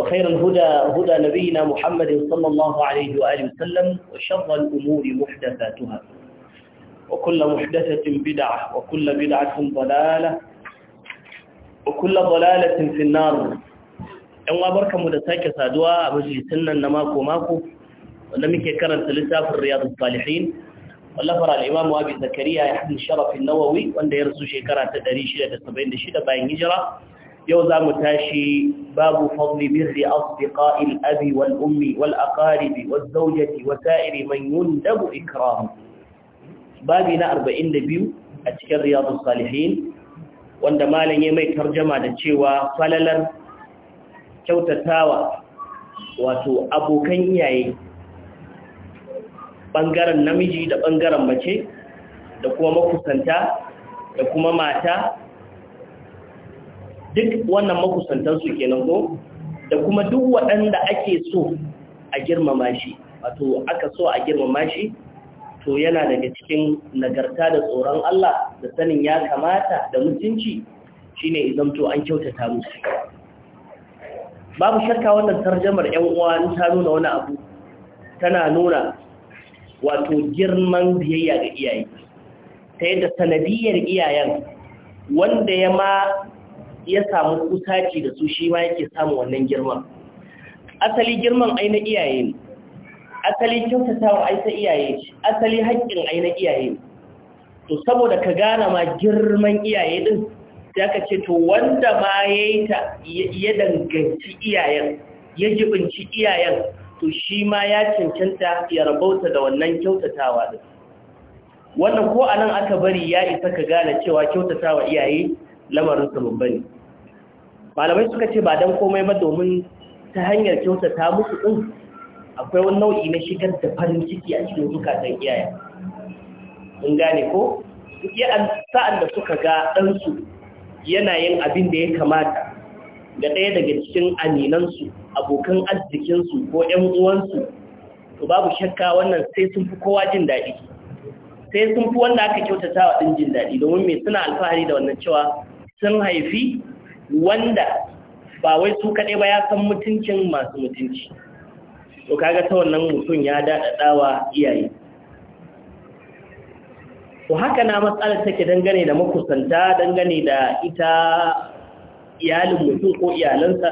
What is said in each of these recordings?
وخير الهدى هدى نبينا محمد صلى الله عليه وآله وسلم وشر الأمور محدثاتها وكل محدثة بدعة وكل بدعة ضلالة وكل ضلالة في النار ‘yan barka mu da sake saduwa a majalisun nan na mako-mako wanda muke karanta littafin riyadu salihin wallafar al'imamu abi zakariya ya hadin sharafin nawawi wanda ya rasu shekara ta bayan hijira yau za mu tashi babu fadli birri asdiqa al-abi wal ummi wal aqarib wal zawjati wa sa'ir man yundabu ikram babi na 42 a cikin riyadus salihin wanda malam ya mai tarjama da cewa falalar kyautatawa wato abokan iyaye ɓangaren namiji da ɓangaren mace da kuma makusanta da kuma mata duk wannan makusantansu kenan ko da kuma duk waɗanda ake so a girmama shi wato aka so a girmama shi to yana daga cikin nagarta da tsoron Allah da sanin ya kamata da mutunci shine to an kyautata musu babu shakka wannan tarjamar ƴan uwa ta nuna wani abu tana nuna wato girman biyayya ga iyaye ta yadda sanadiyar iyayen wanda ya ma ya samu kusaci da su shi ma yake samun wannan girman asali girman aina iyaye ne asali kyautatawa aita iyaye ce asali haƙƙin aina iyaye ne to saboda ka gane ma girman iyaye din sai aka ce to wanda ma yi ta ya danganci iyayen ya jibinci iyayen to shi ma ya cancanta ya rabauta da wannan kyautatawa din wannan ko anan aka bari ya isa ka gane cewa kyautatawa iyaye lamarin sa babba ne malamai suka ce ba don komai ba domin ta hanyar kyautata musu ɗin akwai wani nau'i na shigar da farin ciki a cikin zukatan iyaye mun gane ko sa'an da suka ga ɗansu yanayin abin da ya kamata ga ɗaya daga cikin aminansu abokan arzikinsu ko ‘yan uwansu to babu shakka wannan sai sun fi kowa jin daɗi sai sun fi wanda aka kyautatawa wa ɗin jin daɗi domin mai suna alfahari da wannan cewa sun haifi wanda ba wai su kaɗai ba ya san mutuncin masu mutunci to kaga ta wannan mutum ya daɗaɗa wa iyaye ku haka na matsalar take dangane da makusanta dangane da ita iyalin mutum ko iyalansa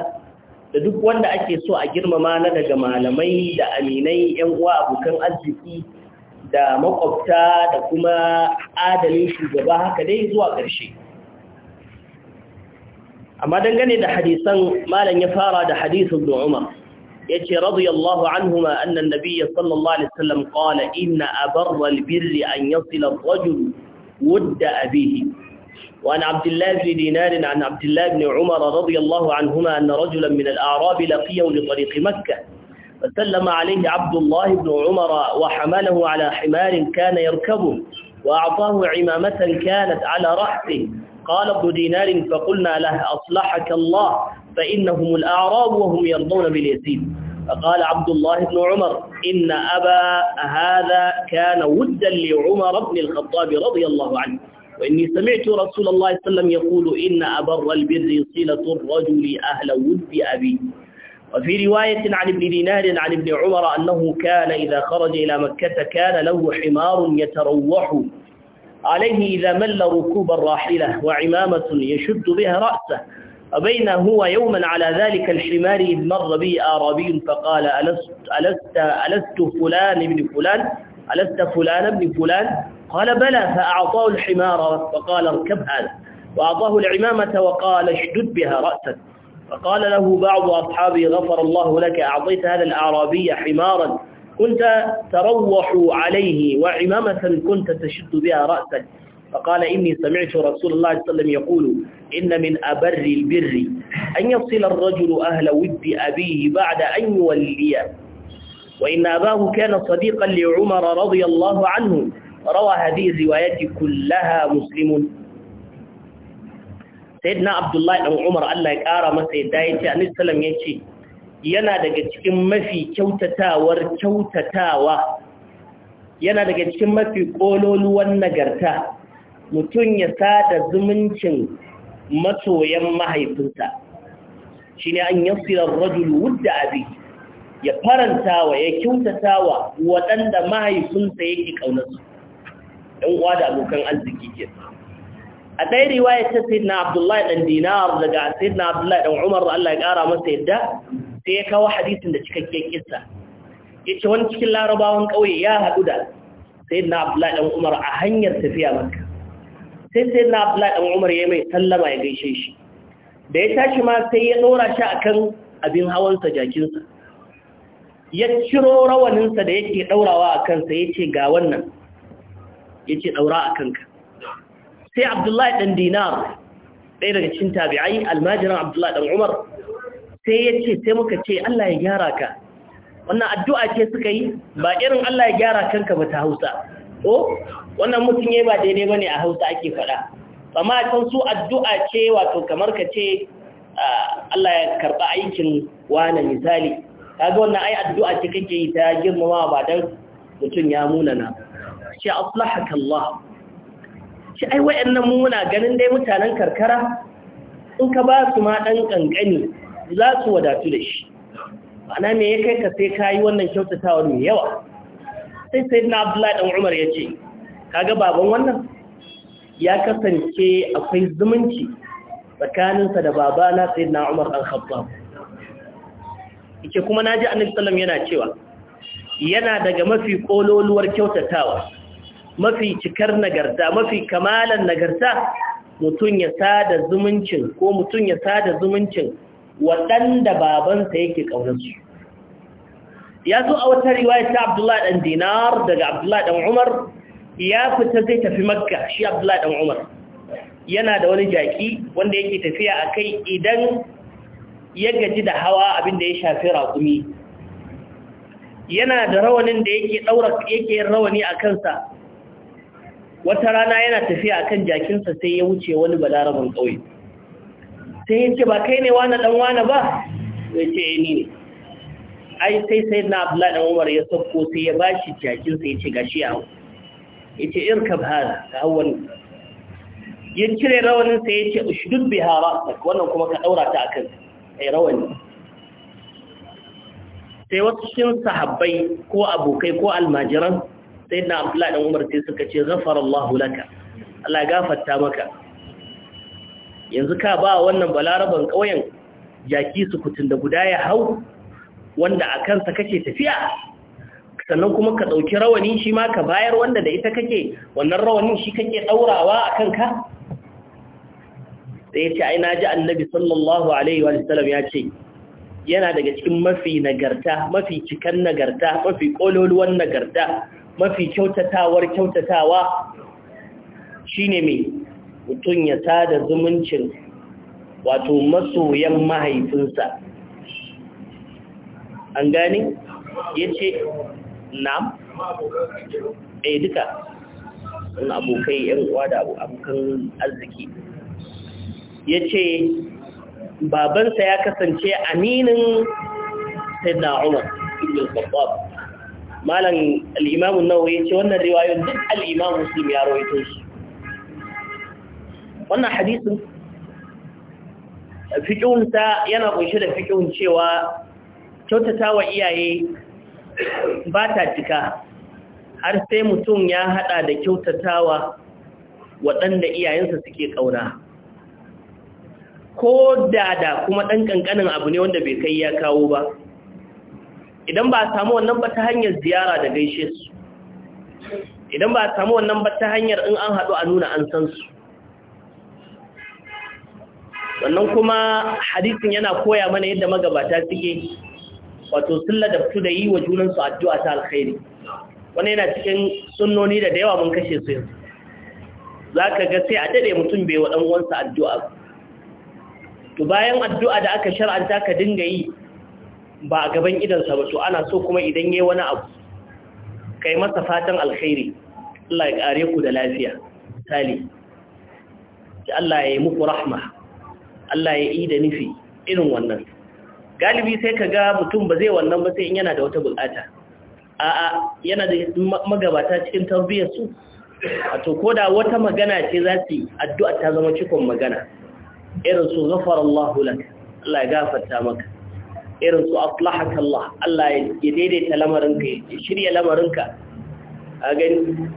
da duk wanda ake so a girmama na daga malamai da aminai yan uwa abokan arziki da makwabta da kuma adalin shugaba haka dai zuwa ƙarshe amma dangane da hadisan malam ya fara da hadisin Ibn Umar yace radiyallahu anhuma anna an-nabiy sallallahu alaihi wasallam qala inna abarra al-birri an yasila ar-rajul wudda abihi وعن عبد الله بن دينار عن عبد الله بن عمر رضي الله عنهما أن رجلا من الأعراب لقيه لطريق مكة فسلم عليه عبد الله بن عمر وحمله على حمار كان يركبه وأعطاه عمامة كانت على رأسه قال ابن دينار فقلنا له أصلحك الله فإنهم الأعراب وهم يرضون باليسير فقال عبد الله بن عمر إن أبا هذا كان ودا لعمر بن الخطاب رضي الله عنه وإني سمعت رسول الله صلى الله عليه وسلم يقول إن أبر البر صلة الرجل أهل ود أبي وفي رواية عن ابن دينار عن ابن عمر أنه كان إذا خرج إلى مكة كان له حمار يتروح عليه إذا مل ركوب الراحلة وعمامة يشد بها رأسه أبين هو يوما على ذلك الحمار إذ مر بي أعرابي فقال ألست, ألست, ألست فلان ابن فلان ألست فلان ابن فلان قال بلى فأعطاه الحمار فقال اركب هذا وأعطاه العمامة وقال اشدد بها رأسك فقال له بعض أصحابه غفر الله لك أعطيت هذا الأعرابي حمارا كنت تروح عليه وعمامة كنت تشد بها رأسك فقال إني سمعت رسول الله صلى الله عليه وسلم يقول إن من أبر البر أن يصل الرجل أهل ود أبيه بعد أن يوليه وإن أباه كان صديقا لعمر رضي الله عنه روى هذه الروايات كلها مسلم سيدنا عبد الله بن عمر الله يقارى ما سيدنا النبي صلى عليه وسلم yana daga cikin mafi kyautatawar kyautatawa yana daga cikin mafi ƙololuwan nagarta mutum ya sada zumuncin masoyan mahaifinsa shi ne an yasirar rajul wudda abi ya farantawa ya kyautatawa waɗanda mahaifinsa yake ƙaunarsu ɗan uwa da abokan arziki ke a ɗaya riwaya ta sayyidina abdullahi ɗan dinar daga sayyidina abdullahi ɗan umar Allah ya ƙara masa yadda sai ya kawo hadisin da cikakken kissa ya ce wani cikin larabawan ƙauye ya haɗu da sai na abdullahi dan umar a hanyar tafiya maka sai sai na abdullahi dan umar ya mai sallama ya gaishe shi da ya tashi ma sai ya ɗora shi a kan abin hawansa jakinsa ya ciro rawaninsa da yake ɗaurawa a kansa ya ce ga wannan ya ce ɗaura a kanka sai abdullahi ɗan dinar ɗaya daga cikin tabi'ai almajiran abdullahi ɗan umar sai ya ce sai muka ce Allah ya gyara ka wannan addu'a ce suka yi ba irin Allah ya gyara kanka ba ta hausa ko wannan mutum ya ba daidai ba ne a hausa ake faɗa amma kan su addu'a ce wato kamar ka ce ah, Allah ya karba aikin wani misali kaga wannan ai addu'a ce kake yi ta girmama ba dan mutum ya munana shi aslahaka Allah shi ai wayannan muna ganin dai mutanen karkara in ka ba su ma dan kankani za su wadatu da shi ma'ana me ya kai ka sai ka yi wannan kyautatawar mai yawa sai sai na abdullahi ɗan umar ya ce kaga baban wannan ya kasance akwai zumunci tsakaninsa da babana sai na umar ɗan khattab ike kuma na ji annabi yana cewa yana daga mafi kololuwar kyautatawa mafi cikar nagarta mafi kamalan nagarta mutum ya sada zumuncin ko mutum ya sada zumuncin waɗanda babansa yake ƙaunarsu ya zo a wata riwaya ta abdullahi ɗan dinar daga abdullahi ɗan umar ya fita zai tafi makka shi abdullahi ɗan umar yana da wani jaki wanda yake tafiya a kai idan ya gaji da hawa abinda ya shafi raƙumi yana da rawanin da yake ɗaura yake rawani a kansa wata rana yana tafiya a kan jakinsa sai ya wuce wani balarabin ƙauye sai yace ba kai ne wani dan wani ba yace eh, ni ne ai sai sai na abu dan Umar ya sako sai ya ba shi jakin sai yace gashi yawo yace irkab hada ka hawan ya cire rawanin sai yace ushdud biha ra'sak wannan kuma ka ɗaura ta akan sai rawani sai wasu shin sahabbai ko abokai ko almajiran sai na abu dan Umar sai suka ce ghafara Allahu laka Allah gafarta maka yanzu ka ba wannan balaraban ƙauyen jaki su kutun da guda ya hau wanda a kansa kake tafiya sannan kuma ka ɗauki rawani shi ma ka bayar wanda da ita kake wannan rawani shi kake ɗaurawa a kanka da ya ce ai na ji annabi sallallahu alaihi wa sallam ya ce yana daga cikin mafi nagarta mafi cikan nagarta mafi ƙololuwan nagarta mafi kyautatawar kyautatawa shine mai mutum ya sada zumuncin wato masoyan mahaifinsa an gani ya ce na ɗaya eh, duka wani abokai yan uwa da abokan arziki ya ce babansa ya kasance aminin sayyidina umar ibn al-khattab malam al-imam an-nawawi ya ce wannan riwayoyin duk al-imam muslim ya rawaito shi wannan hadisin fiƙinsa yana ƙunshe da fiƙin cewa kyautata wa iyaye ba ta cika har sai mutum ya haɗa da kyautatawa waɗanda iyayensa suke ƙauna ko da da kuma ɗan ƙanƙanin abu ne wanda bai kai ya kawo ba idan ba a samu wannan ba ta hanyar ziyara da gaishe su idan ba a samu wannan ba ta hanyar in an haɗu a nuna an san su sannan kuma hadisin yana koya mana yadda magabata suke wato sun ladabtu da yi wa junansu addu'a ta alkhairi wani yana cikin sunnoni da da yawa mun kashe su yanzu za ka ga sai a daɗe mutum bai wa uwansa addu'a to bayan addu'a da aka shar'anta ka dinga yi ba a gaban idansa ba to ana so kuma idan yi wani abu kai masa fatan alkhairi Allah ya ƙare ku da lafiya sali Allah ya yi muku rahma Allah ya yi da nufi irin wannan galibi sai ka ga mutum ba zai wannan ba sai in yana da wata bukata a'a yana da magabata cikin tarbiyyar su wato ko da wata magana ce za su yi addu'a ta zama cikon magana irin su ghafara Allahu lak Allah ya gafarta maka irin su aslahaka Allah Allah ya daidaita lamarinka ya shirya lamarinka a gani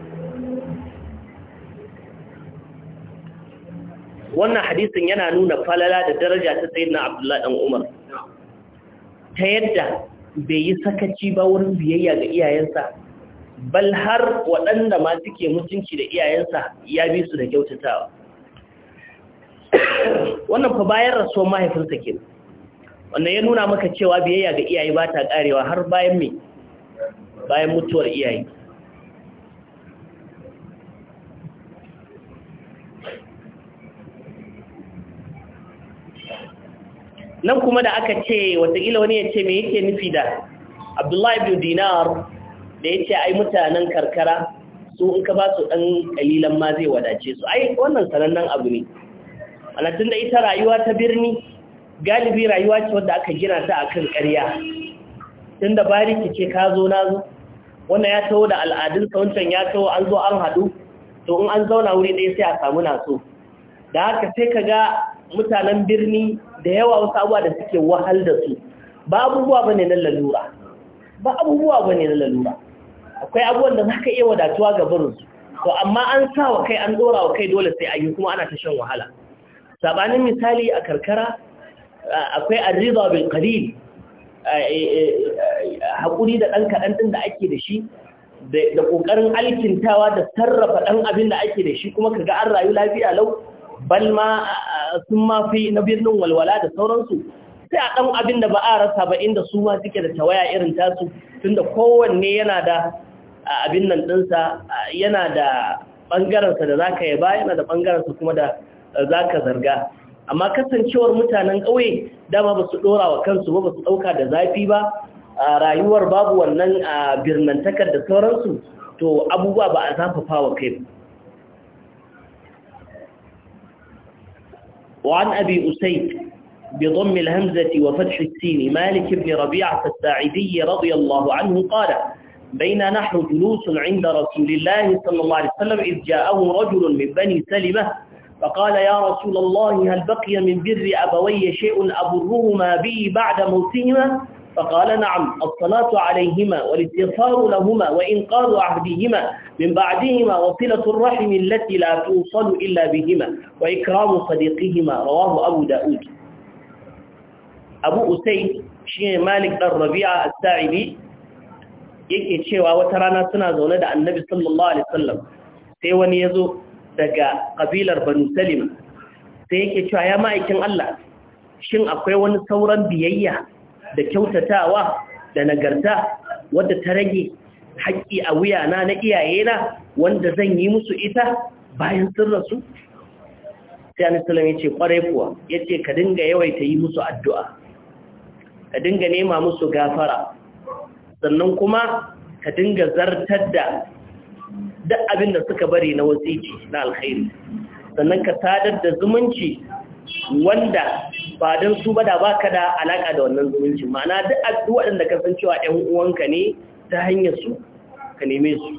wannan hadisin yana nuna falala da daraja ta sayyidina abdullahi dan umar ta yadda bai yi sakaci ba wurin biyayya ga iyayensa bal har waɗanda ma suke mutunci da iyayensa ya bi su da kyautatawa wannan fa bayan rasuwar mahaifinsa ke wannan ya nuna maka cewa biyayya ga iyaye ba ta ƙarewa har bayan mai bayan mutuwar iyaye nan kuma da aka ce watakila wani ya ce me yake nufi da abdullahi ibn dinar da ya ce ai mutanen karkara su in ka ba su ɗan ƙalilan ma zai wadace su ai wannan sanannen abu ne alatun da ita rayuwa ta birni galibi rayuwa ce wadda aka gina ta a kan ƙarya tun da bariki ce ka zo na zo wannan ya taho da al'adun wancan ya taho an zo an haɗu to in an zauna wuri ɗaya sai a samu so da haka sai ka ga mutanen birni da yawa wasu abuwa da suke wahal da su ba abubuwa ba ne na lalura ba abubuwa ba ne na lalura akwai abubuwan da za iya wadatuwa ga barinsu to amma an sa wa kai an dora wa kai dole sai ayi kuma ana ta shan wahala sabanin misali a karkara akwai arriba bin qalil hakuri da dan kaɗan din da ake da shi da kokarin alkintawa da sarrafa ɗan abin da ake da shi kuma ga an rayu lafiya lau bal ma sun mafi na birnin walwala da sauransu sai a ɗan abin da ba a rasa ba inda su ma suke da tawaya irin tasu tunda kowanne yana da abin nan ɗinsa yana da ɓangarensa da za ka yaba yana da ɓangarensa kuma da za ka zarga amma kasancewar mutanen ƙauye dama ba su ɗora wa kansu ba ba su ɗauka da zafi ba rayuwar babu wannan birnantakar da sauransu to abubuwa ba a zafafa wa kai ba وعن أبي أسيد بضم الهمزة وفتح السين مالك بن ربيعة الساعدي رضي الله عنه قال بين نحن جلوس عند رسول الله صلى الله عليه وسلم إذ جاءه رجل من بني سلمة فقال يا رسول الله هل بقي من بر أبوي شيء أبرهما به بعد موتهما فقال نعم الصلاة عليهما والاستغفار لهما وإنقاذ عهدهما من بعدهما وصلة الرحم التي لا توصل إلا بهما وإكرام صديقهما رواه أبو داود أبو أسيد شيء مالك الربيع الساعدي yake cewa wata rana suna zaune da annabi sallallahu alaihi wasallam sai wani yazo daga kabilar banu salim sai yake cewa ya ma'aikin Allah shin akwai wani sauran biyayya da kyautatawa da nagarta wadda ta rage haƙƙi a wuyana na iyayena wanda zan yi musu ita bayan sun rasu sai anisalam ya ce ƙwarai kuwa ya ce ka dinga yawaita yi musu addu'a ka dinga nema musu gafara sannan kuma ka dinga zartar da duk abin da suka bari na wasiki na alkhairi sannan ka sadar da zumunci wanda ba don su ba da ba ka da alaƙa da wannan zumunci ma'ana duk addu'a waɗanda ka san cewa ‘yan uwanka ne ta hanyar su ka neme su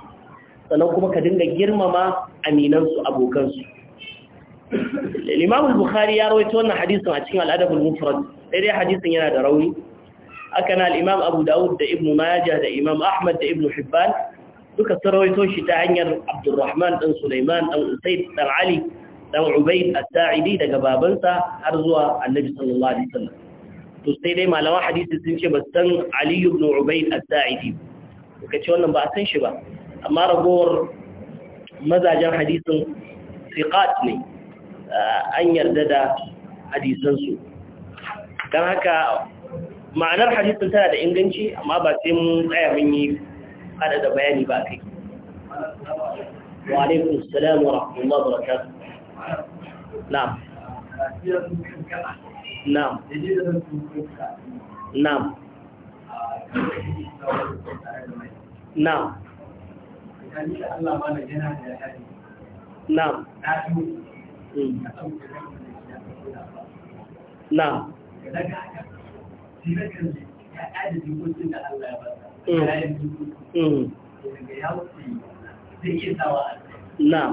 sannan kuma ka dinga girmama aminansu abokansu Limamul Bukhari ya rawaito wannan hadisin a cikin al'adar mufrad sai dai hadisin yana da rauni haka na imam Abu Dawud da Ibn Majah da Imam Ahmad da Ibn Hibban duka sun rawaito shi ta hanyar Abdurrahman dan Sulaiman dan Usayd dan Ali dan Ubayd as-Sa'idi daga babansa har zuwa Annabi sallallahu alaihi wasallam to sai dai malaman hadisi sun ce san Ali ibn Ubayd as-Sa'idi kace wannan ba a san shi ba amma ragowar mazajen hadisin siqat ne ah, an yarda da hadisansu dan haka ma'anar hadisun tana da inganci amma ba sai mun tsaya mun yi hada da bayani ba kai wa alaikun salamu wa rahmatullahi wa barakatuh na'am na'am na'am na'am na'am na'am mm. Mm. na'am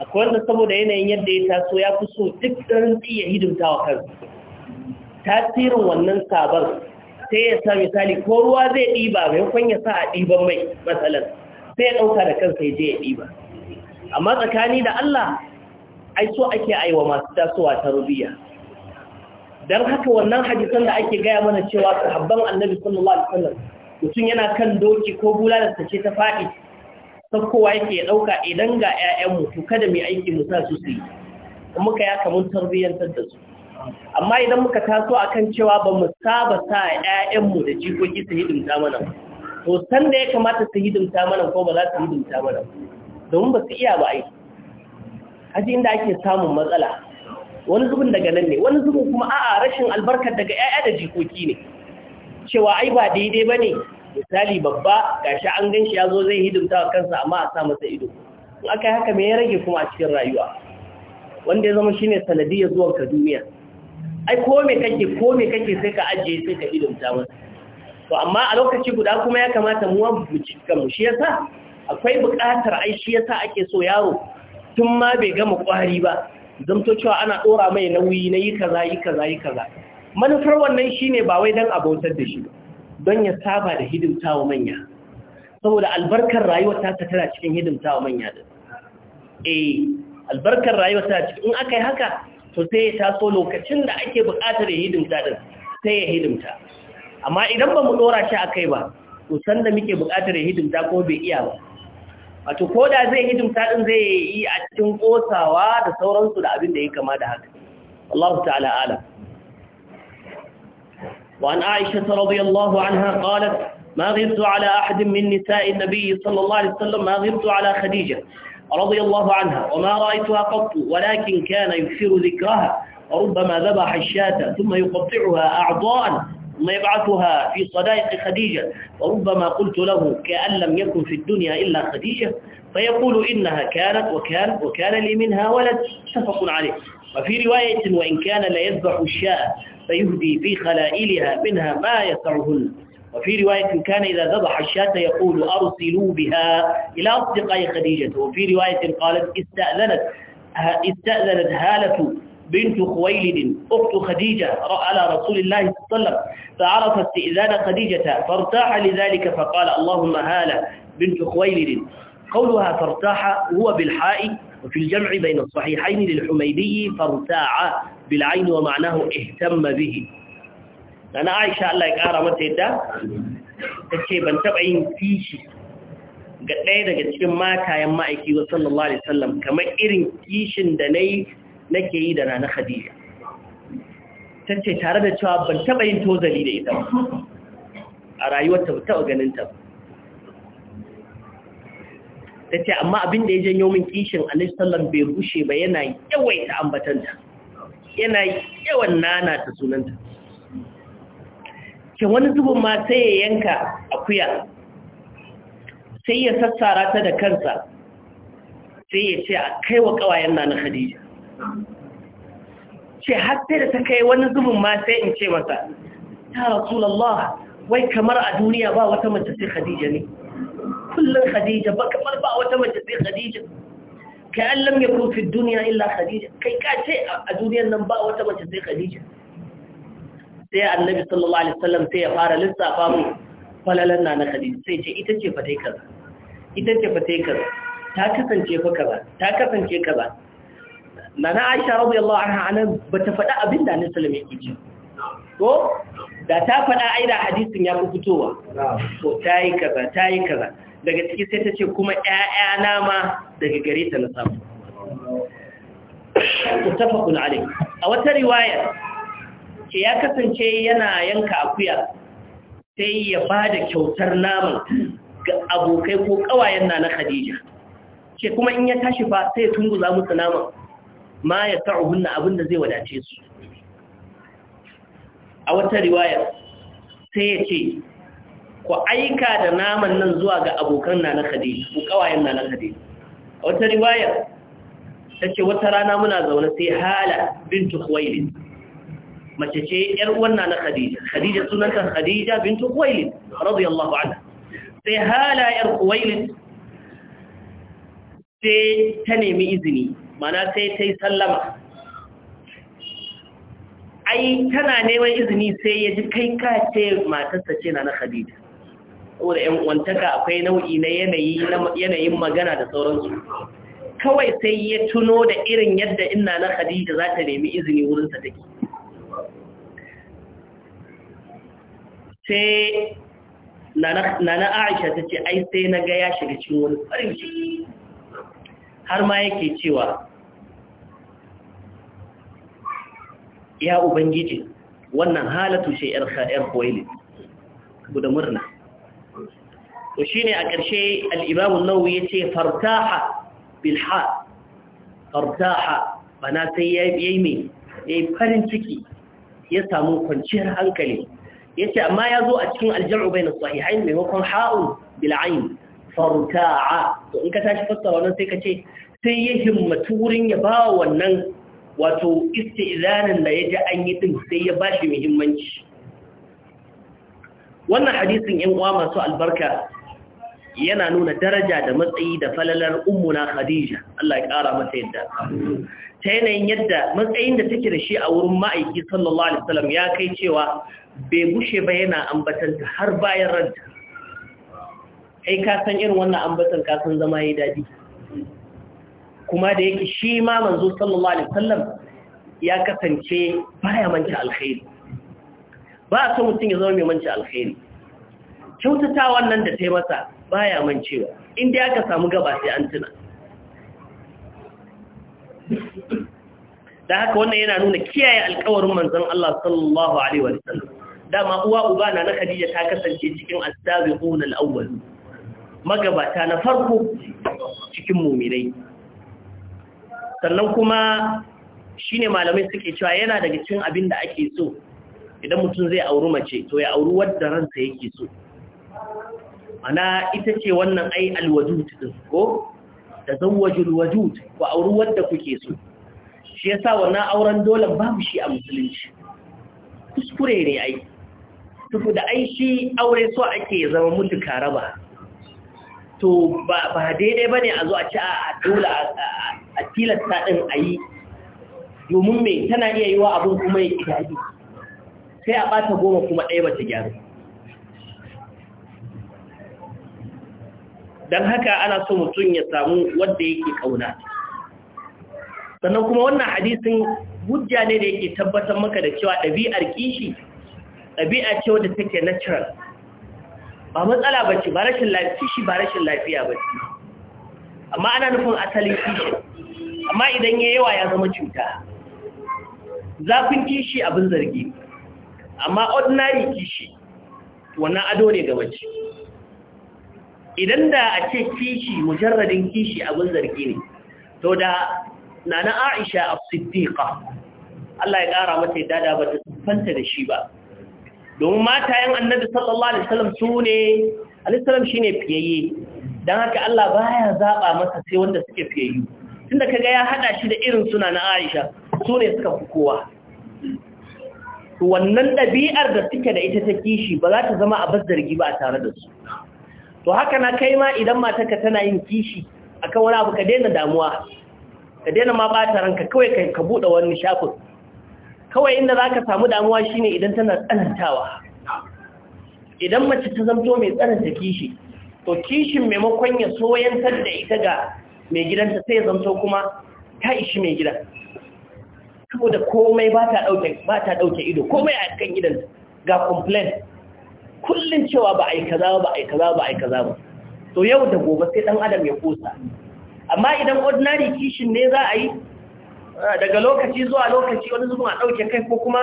akwai wanda saboda yanayin yadda ya taso ya fi so duk rantsi ya hidimta wa kansa tasirin wannan sabon sai ya sa misali ko ruwa zai ɗiba mai maimakon ya sa a ɗiban mai matsalar sai ya ɗauka da kansa ya je ya ɗiba amma tsakani da Allah ai so ake aiwa masu tasowa ta rubiya don haka wannan hadisan da ake gaya mana cewa sahabban annabi sallallahu alaihi wasallam mutum yana kan doki ko ta ce ta faɗi kowa yake ya ɗauka idan ga 'ya'yanmu to kada mai aiki mu sa su su yi muka ya kamun tarbiyyantar da su amma idan muka taso a kan cewa ba mu saba sa 'ya'yanmu da jikoki su hidimta mana to san da ya kamata su hidimta mana ko ba za su hidimta mana domin ba su iya ba haji inda ake samun matsala wani zubin daga nan ne wani zubin kuma a'a rashin albarkar daga 'ya'ya da jikoki ne cewa ai ba daidai ba ne misali babba ga gashi an ganshi ya zo zai hidimta kansa amma a sa masa ido in aka yi haka me ya rage kuma a cikin rayuwa wanda ya zama shine sanadiyar zuwan ka duniya ai ko me kake ko me kake sai ka ajiye sai ka hidimta masa to amma a lokaci guda kuma ya kamata mu wan cika mu shi yasa akwai buƙatar ai shi yasa ake so yaro tun ma bai gama kwari ba zamto cewa ana dora mai nauyi na yi kaza yi kaza yi kaza manufar wannan shine ba wai dan abotar da shi ba don ya saba da hidimta wa manya saboda albarkar rayuwa ta tana cikin hidimta wa manya da eh albarkar rayuwa ta cikin in aka yi haka to sai ya taso lokacin da ake buƙatar hidimta din sai ya hidimta amma idan ba mu dora shi akai ba to san da muke buƙatar hidimta ko bai iya ba wato ko da zai hidimta din zai yi a cikin kosawa da sauransu da abin da ya kama da haka Allahu ta'ala alam وعن عائشة رضي الله عنها قالت ما غبت على أحد من نساء النبي صلى الله عليه وسلم ما غبت على خديجة رضي الله عنها وما رأيتها قط ولكن كان يكثر ذكرها وربما ذبح الشاة ثم يقطعها أعضاء يبعثها في صدائق خديجة وربما قلت له كأن لم يكن في الدنيا إلا خديجة فيقول إنها كانت وكان وكان لي منها ولد متفق عليه وفي رواية وإن كان ليذبح الشاء فيهدي في خلائلها منها ما يسعهن وفي رواية كان إذا ذبح الشاة يقول أرسلوا بها إلى أصدقاء خديجة وفي رواية قالت استأذنت استأذنت هالة بنت خويلد أخت خديجة على رسول الله وسلم فعرف استئذان خديجة فارتاح لذلك فقال اللهم هالة بنت خويلد قولها فارتاح هو بالحاء وفي الجمع بين الصحيحين للحميدي فارتاع بالعين ومعناه اهتم به أنا عائشة الله يقارى متى إيه ده تكيبا تبعين تيشي قد ɗaya قد شم ما ma'aiki ما ايكي وصلى الله عليه وسلم كما da na yi nake yi da na tace tare da cewa ban taɓa yin tozali da ita a rayuwarta ba taɓa ganin ta ta ce amma abin da ya janyo min kishin alaihi sallam bai rushe ba yana yawaita ambatanta yana yawan nana ta sunanta ke wani zubin ma sai ya yanka akuya sai ya sassara ta da kansa sai ya ce a kai wa ƙawayen na na khadija ce har sai da ta kai wani zubin ma sai in ce masa Ta rasulallah wai kamar a duniya ba wata mace sai khadija ne kullum khadija ba kamar ba wata mace sai khadija kai an lam yakun fi duniya illa khadija kai ka ce a duniyar nan ba wata mace sai khadija sai annabi sallallahu alaihi wasallam sai ya fara lissafa mu falalan na na khadija sai ce ita ce fa dai kaza ita ce fa dai kaza ta kasance fa kaza ta kasance kaza nana aisha radiyallahu anha bata faɗa abin da annabi sallallahu alaihi ko da ta faɗa ai da hadisin ya fitowa to yi kaza yi kaza daga ciki sai ta ce kuma ƴaƴa nama daga gare ta na samu mutafaqun alai a wata riwaya ke ya kasance yana yanka akuya sai ya da kyautar naman ga abokai ko ƙawayen na na Khadija Ke kuma in ya tashi fa sai ya tunguza musu naman ma ya sa'uhunna abin da zai wadace su a wata riwaya sai ya ce ku aika da naman nan zuwa ga abokan na na khadija ku kawayen na na khadija a wata riwaya ta ce wata rana muna zaune sai hala bintu khuwailid mace ce ‘yar uwanna na Khadija, Khadija sunanta Khadija bintu Kuwailin, radiyallahu anha. Sai hala ‘yar Kuwailin sai ta nemi izini mana sai ta yi sallama ai tana neman izini sai ya ji kai ka ce matarsa ce na na khadija saboda yan uwantaka akwai nau'i na yanayi yanayin magana da sauransu kawai sai ya tuno da irin yadda inna na khadija za ta nemi izini wurinsa take sai na na aisha ta ce ai sai na ga ya shiga cikin wani farin ciki har ma yake cewa ya ubangiji wannan halatu ce yar kha'ir koyili ku murna to shine a ƙarshe al-imam an-nawawi yace fartaha bil ha fartaha bana sai yayi me yi farin ciki ya samu kwanciyar hankali yace amma ya zo a cikin al-jam'u bayna maimakon ha'un bil'ain farka'a to in ka tashi fassara wannan sai ka ce sai ya himmatu wurin ya ba wannan wato istizanin da ya ji an yi din sai ya bashi muhimmanci wannan hadisin yan uwa masu albarka yana nuna daraja da matsayi da falalar ummuna khadija Allah ya kara mata yadda ta yanayin yadda matsayin da take da shi a wurin ma'aiki sallallahu alaihi wasallam ya kai cewa bai bushe ba yana ambatanta har bayan ranta ai ka san irin wannan ambatan ka san zama yi dadi kuma da yake shi ma manzo sallallahu alaihi wasallam ya kasance baya manta alkhairi ba a so mutum ya zama mai manta alkhairi kyautata wannan da tai masa baya mancewa inda aka samu gaba sai an tuna da haka wannan yana nuna kiyaye alkawarin manzon Allah sallallahu alaihi wasallam dama uwa uba na na Khadija ta kasance cikin as-sabiqun al-awwalun magabata na farko cikin mumirai sannan kuma shine malamai suke cewa yana daga cikin abin da ake so idan mutum zai auri mace to ya auri wadda ransa yake so ana ita ce wannan ai alwadud din ko tazawwajul wadud ku auri wadda kuke so shi yasa wannan auren dole babu shi a musulunci kuskure ne ai tufu da ai shi aure so ake zama mutu karaba to ba daidai ba ne a zo a ci a dole a tilasta ɗin a yi domin mai tana iya yi wa abin kuma ya ƙi sai a ɓata goma kuma ɗaya ba ta gyaru don haka ana so mutum ya samu wadda yake ƙauna sannan kuma wannan hadisin hujja ne da yake tabbatar maka da cewa ɗabi'ar kishi ɗabi'a ce wadda take natural ba matsala ba ce ba rashin lafishi ba rashin lafiya ba ce amma ana nufin asalin kishi amma idan ya yawa ya zama cuta zafin kishi abin zargi amma ordinary kishi wannan ado ne ga mace idan da a ce kishi mujarradin kishi abin zargi ne to da nana Aisha a siddiqa Allah ya ƙara mata yadda da bata fanta da shi ba domin matayen annabi sallallahu alaihi wasallam su ne alisalam shi ne fiyayye don haka Allah baya zaɓa masa sai wanda suke fiyayyu tunda kaga ya haɗa shi da irin suna na Aisha su ne suka fi kowa wannan ɗabi'ar da suke da ita ta kishi ba za ta zama a zargi ba a tare da su to haka na kai ma idan matarka tana yin kishi akan wani abu ka daina damuwa ka daina ma ɓata ranka kawai ka buɗe wani shafin kawai inda za ka samu damuwa shine idan tana tsanantawa idan mace ta zamto mai tsananta kishi to kishin maimakon ya soyantar da ita ga mai gidanta sai ya zamto kuma ta ishi mai gidan saboda komai ba ta ɗauke ido komai a kan gidan ga complain kullum cewa ba a yi kaza ba a yi kaza ba a yi kaza ba to yau da gobe sai ɗan adam ya kosa amma idan ordinary kishin ne za a yi daga lokaci zuwa lokaci wani zuwa a ɗauke kai ko kuma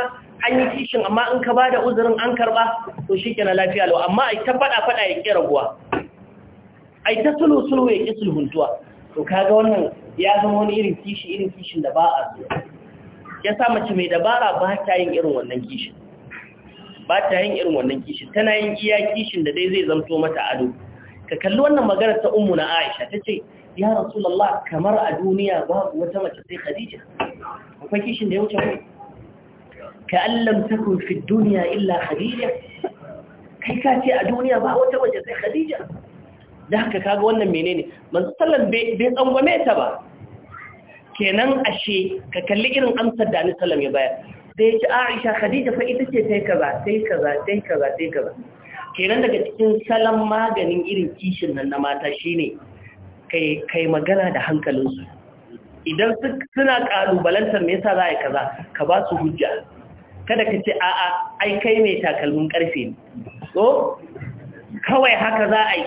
an yi kishin amma in ka ba da uzurin an karɓa to shi ke na lafiya lau amma ai ta faɗa faɗa ya ƙi raguwa ai ta sulu sulu ya ƙi sulhuntuwa to ka ga wannan ya zama wani irin kishi irin kishin da ba a so ya sa mace mai dabara ba ta yin irin wannan kishin ba ta yin irin wannan kishin tana yin iya kishin da dai zai zamto mata ado ka kalli wannan magana ta ummu na Aisha ta ce. ya rasulullah kamar a duniya babu wata mace sai khadija akwai kishin da ya wuce ka allam takun fi duniya illa khadija kai ka ce a duniya ba wata mace sai khadija da haka kaga wannan menene manzo sallan bai tsangwame ta ba kenan ashe ka kalli irin amsar da annabi sallam ya bayar sai ya ci Aisha Khadija fa ita ce sai kaza sai kaza sai kaza sai kaza kenan daga cikin salon maganin irin kishin nan na mata shine kai magana da hankalinsu idan suna ƙalubalantar me yasa za a yi kaza ka ba su hujja kada ka ce a'a ai kai mai takalmin ƙarfe ne so kawai haka za a yi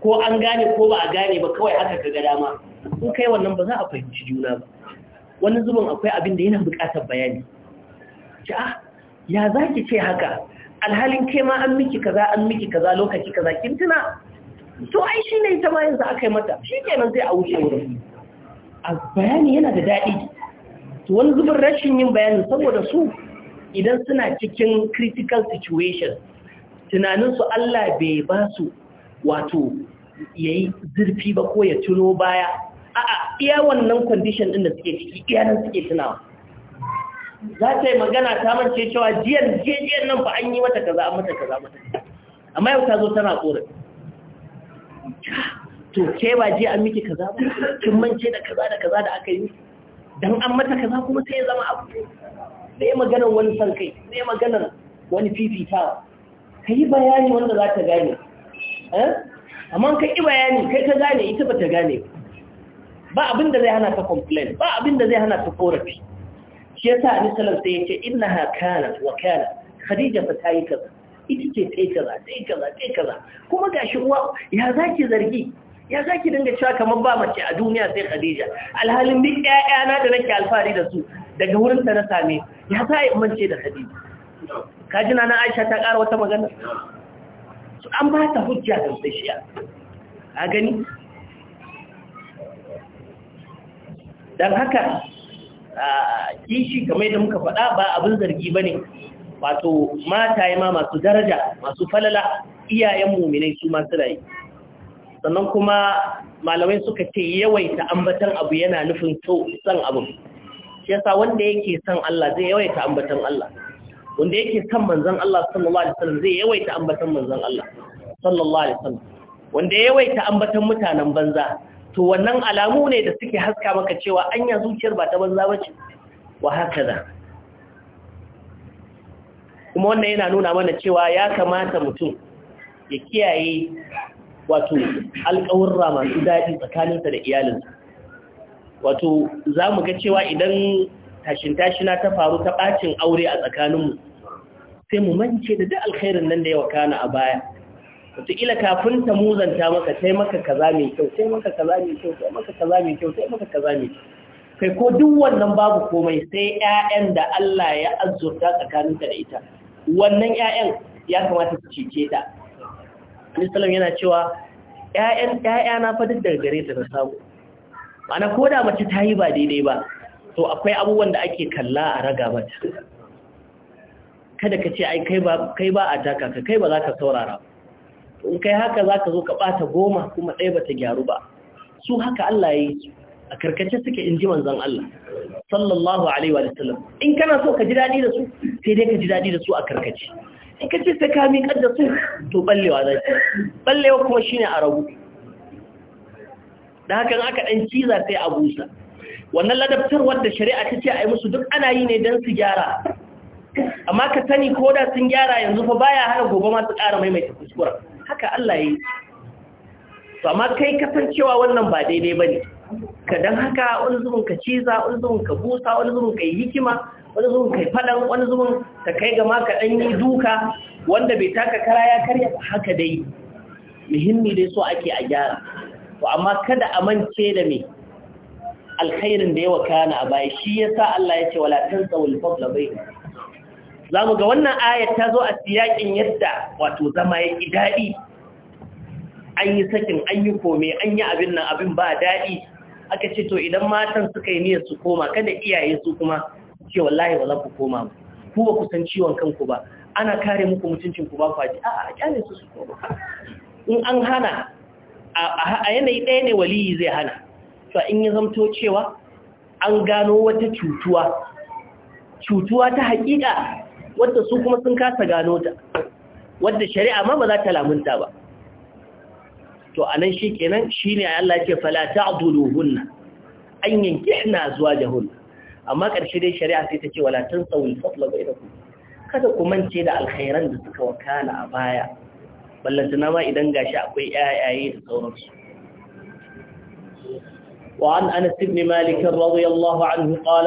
ko an gane ko ba a gane ba kawai haka ka ga dama in kai wannan ba za a fahimci juna ba wani zubin akwai abin da yana buƙatar bayani ce ah ya za ki ce haka alhalin kai ma an miki kaza an miki kaza lokaci kaza kin tuna to ai shi ne ita ma yanzu aka yi mata shi kenan zai a wuce wurin a bayani yana da daɗi to wani zubin rashin yin bayani saboda su idan suna cikin critical situation tunaninsu Allah bai ba su wato ya yi zurfi ba ko ya tuno baya a a iya wannan condition ɗin da suke ciki iya nan suke tunawa za ta yi magana ta mance cewa jiyan jiyan nan ba an yi mata kaza mata kaza mata amma yau ta zo tana tsoron to ke ba je an miki kaza ba kin mance da kaza da kaza da aka yi dan an mata kaza kuma sai ya zama abu sai maganar wani san kai sai maganar wani fifitawa kai bayani wanda za ta gane eh amma ka yi bayani kai ka gane ita ba ta gane ba abin da zai hana ta complain ba abin da zai hana ta korafi shi yasa annabi sallallahu alaihi wasallam sai ya ce innaha kana wa kana khadija fa yi kaza ita ce ta kaza ta kaza ta kaza kuma gashi uwa ya zaki zargi ya zaki dinga cewa kamar ba mace a duniya sai Khadija alhalin duk ƴaƴana da nake alfahari da su daga wurin ta na same ya za a mance da Khadija kaji na Aisha ta ƙara wata magana an ba ta hujja da tsashiya a gani dan haka kishi kamar da muka faɗa ba abin zargi ba ne. wato mata yi ma masu daraja masu falala iyayen muminai su masu rai sannan kuma malamai suka ce yawaita ambatan abu yana nufin son abu shi yasa wanda yake son Allah zai yawaita ambatan Allah wanda yake son manzon Allah sallallahu alaihi wasallam zai yawaita ambatan manzon Allah sallallahu alaihi wasallam wanda yawaita ambatan mutanen banza to wannan alamu ne da suke haska maka cewa anya zuciyar ba ta banza bace wa hakaza kuma wannan yana nuna mana cewa ya kamata mutum ya kiyaye wato alƙawurra masu daɗi tsakaninsa da iyalinsa wato za mu ga cewa idan tashin-tashina ta faru ta ɓacin aure a tsakaninmu sai mu mance da duk alkhairin nan da yawa kana a baya wato ila kafin ta muzanta maka taimaka kaza mai kyau Taimaka kaza mai kyau Taimaka kaza kyau Taimaka mai kyau kai ko duk wannan babu komai sai ƴaƴan da Allah ya azurta tsakaninka da ita wannan ƴaƴan ya kamata su cece ta Alisalam yana cewa ƴaƴan na fa duk daga gare ta na samu ana ko da mace ta yi ba daidai ba to akwai abubuwan da ake kalla a raga mata kada ka ce ai kai ba kai ba a taka ka kai ba za ka saurara in kai haka za ka zo ka ɓata goma kuma ɗaya ba ta gyaru ba su haka Allah ya yi a karkace suke in ji manzon Allah sallallahu alaihi wa sallam in kana so ka ji dadi da su sai dai ka ji dadi da su a karkace in ka ce sai ka miƙar da su to ballewa za su ballewa kuma shine a rabu da hakan aka ɗan ciza sai a busa wannan ladabtar wadda shari'a ta ce a yi musu duk ana yi ne don su gyara amma ka sani ko da sun gyara yanzu fa baya hana gobe ma su ƙara maimaita kuskura. haka Allah ya yi to amma kai kasancewa wannan ba daidai ba ne ka dan haka wani zubin ka ciza wani zubin ka busa wani zubin ka yi hikima wani zubin ka yi fadan wani zubin ka kai gama ka dan yi duka wanda bai taka kara ya karya ba haka dai muhimmi dai so ake a gyara to amma kada a mance da me alkhairin da yawa kana a baya shi yasa Allah ya ce wala wal fadla bai za ga wannan ayat ta zo a siyakin yadda wato zama ya ƙi daɗi an yi sakin an yi kome an yi abin nan abin ba daɗi aka ce to idan matan suka yi niyyar su koma kada iyaye su kuma ke wallahi ba za ku koma ba ku ba ku san ciwon kanku ba ana kare muku mutuncin ku ba ku aji a'a a kyale su su koma in an hana a yanayi ɗaya ne waliyi zai hana to in ya zamto cewa an gano wata cutuwa cutuwa ta hakika wadda su kuma sun kasa gano ta wadda shari'a ma ba za ta lamunta ba to anan shi kenan shi ne Allah ya ce fala ta'duluhunna an yankihna azwajahunna amma ƙarshe dai shari'a sai ta ce wala tansawul fadla bainakum kada ku mance da alkhairan da suka wakana a baya ballanta na ma idan gashi akwai ayaye da sauransu وعن أنس بن مالك رضي الله عنه قال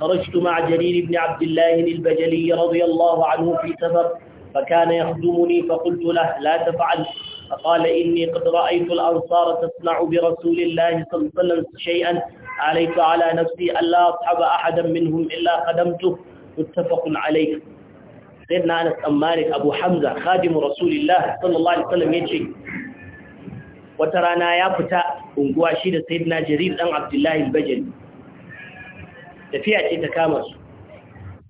خرجت مع جرير بن عبد الله البجلي رضي الله عنه في سفر فكان يخدمني فقلت له لا تفعل فقال إني قد رأيت الأنصار تصنع برسول الله صلى الله عليه وسلم شيئا عليك على نفسي ألا أصحب أحدا منهم إلا قدمته متفق عليه سيدنا أنس أم مالك أبو حمزة خادم رسول الله صلى الله عليه وسلم يجي وترانا يا فتاة unguwa shi da sai na jarir ɗan abdullahi bajali tafiya ce ta kama su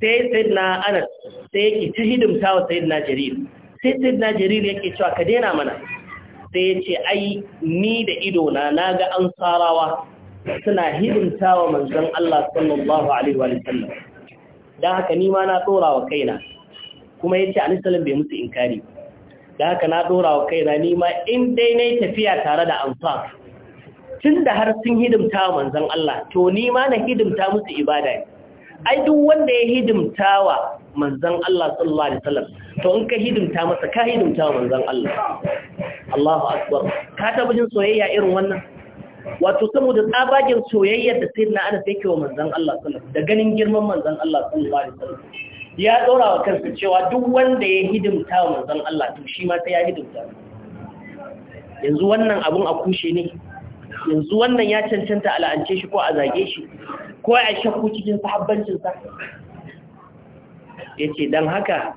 sai sai na anas sai yake ta hidimta wa sai na jarir sai ɗin na jariri yake cewa ka daina mana sai ya ce ai ni da idona na ga an tsarawa suna hidimta wa manzan Allah sallallahu Alaihi wa sallam don haka nima na ɗora wa kaina kuma ya ce alisalin bai musu inkari da haka na ɗora wa kaina nima in dai na tafiya tare da amfa tun da har sun hidimta wa manzan Allah to nima na hidimta musu ibada ai duk wanda ya hidimta wa manzan Allah sallallahu alaihi wasallam to in ka hidimta masa ka hidimta manzan Allah Allahu akbar ka taba jin soyayya irin wannan wato saboda tsabagen soyayyar da na ana sai wa manzan Allah sallallahu alaihi wasallam da ganin girman manzan Allah sallallahu alaihi wasallam ya dora wa kansa cewa duk wanda ya hidimta wa manzan Allah to shi ma sai ya hidimta yanzu wannan abun a kushe ne yanzu wannan ya cancanta al'ance shi ko a zage shi ko a shakku cikin sahabbancinsa ya ce dan haka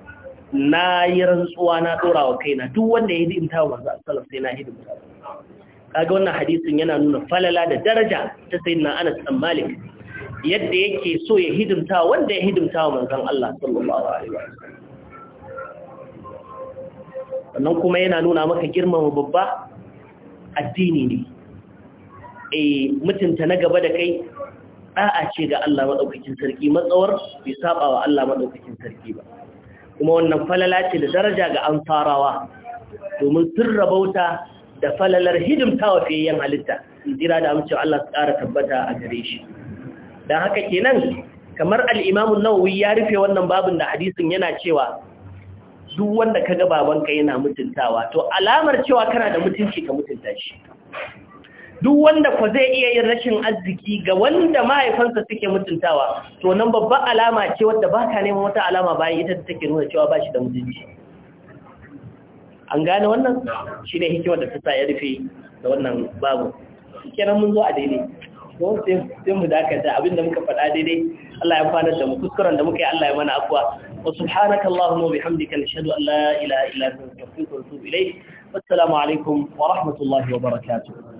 na yi rantsuwa na ɗora wa kaina duk wanda ya hidimta wa manzo asalaf sai na hidimta kaga wannan hadisin yana nuna falala da daraja ta sayyidina Anas bin Malik yadda yake so ya hidimta wanda ya hidimta wa manzon Allah sallallahu alaihi wasallam sannan kuma yana nuna maka girmama babba addini ne eh mutunta na gaba da kai da'a ce ga Allah maɗaukakin sarki matsawar bai saba wa Allah maɗaukakin sarki ba kuma wannan falala ce da daraja ga ansarawa domin sun rabauta da falalar hidimta wa fiyayyen halitta jira da amincewa Allah su ƙara tabbata a gare shi don haka kenan kamar al'imamun nawawi ya rufe wannan babin da hadisin yana cewa duk wanda ka ga babanka yana mutuntawa to alamar cewa kana da mutunci ka mutunta shi duk wanda ko zai iya yin rashin arziki ga wanda mahaifansa suke mutuntawa to nan babban alama ce wadda ba ka neman wata alama bayan ita da take nuna cewa ba shi da mutunci an gane wannan shi ne hikimar da ta sa ya rufe da wannan babu kenan mun zo a daidai ko sai mu dakata abinda muka faɗa daidai Allah ya fara da mu kuskuren da muka yi Allah ya mana afwa wa subhanaka allahumma bihamdika nashhadu an la ilaha illa anta astaghfiruka wa atubu ilayk wassalamu alaikum wa rahmatullahi wa barakatuh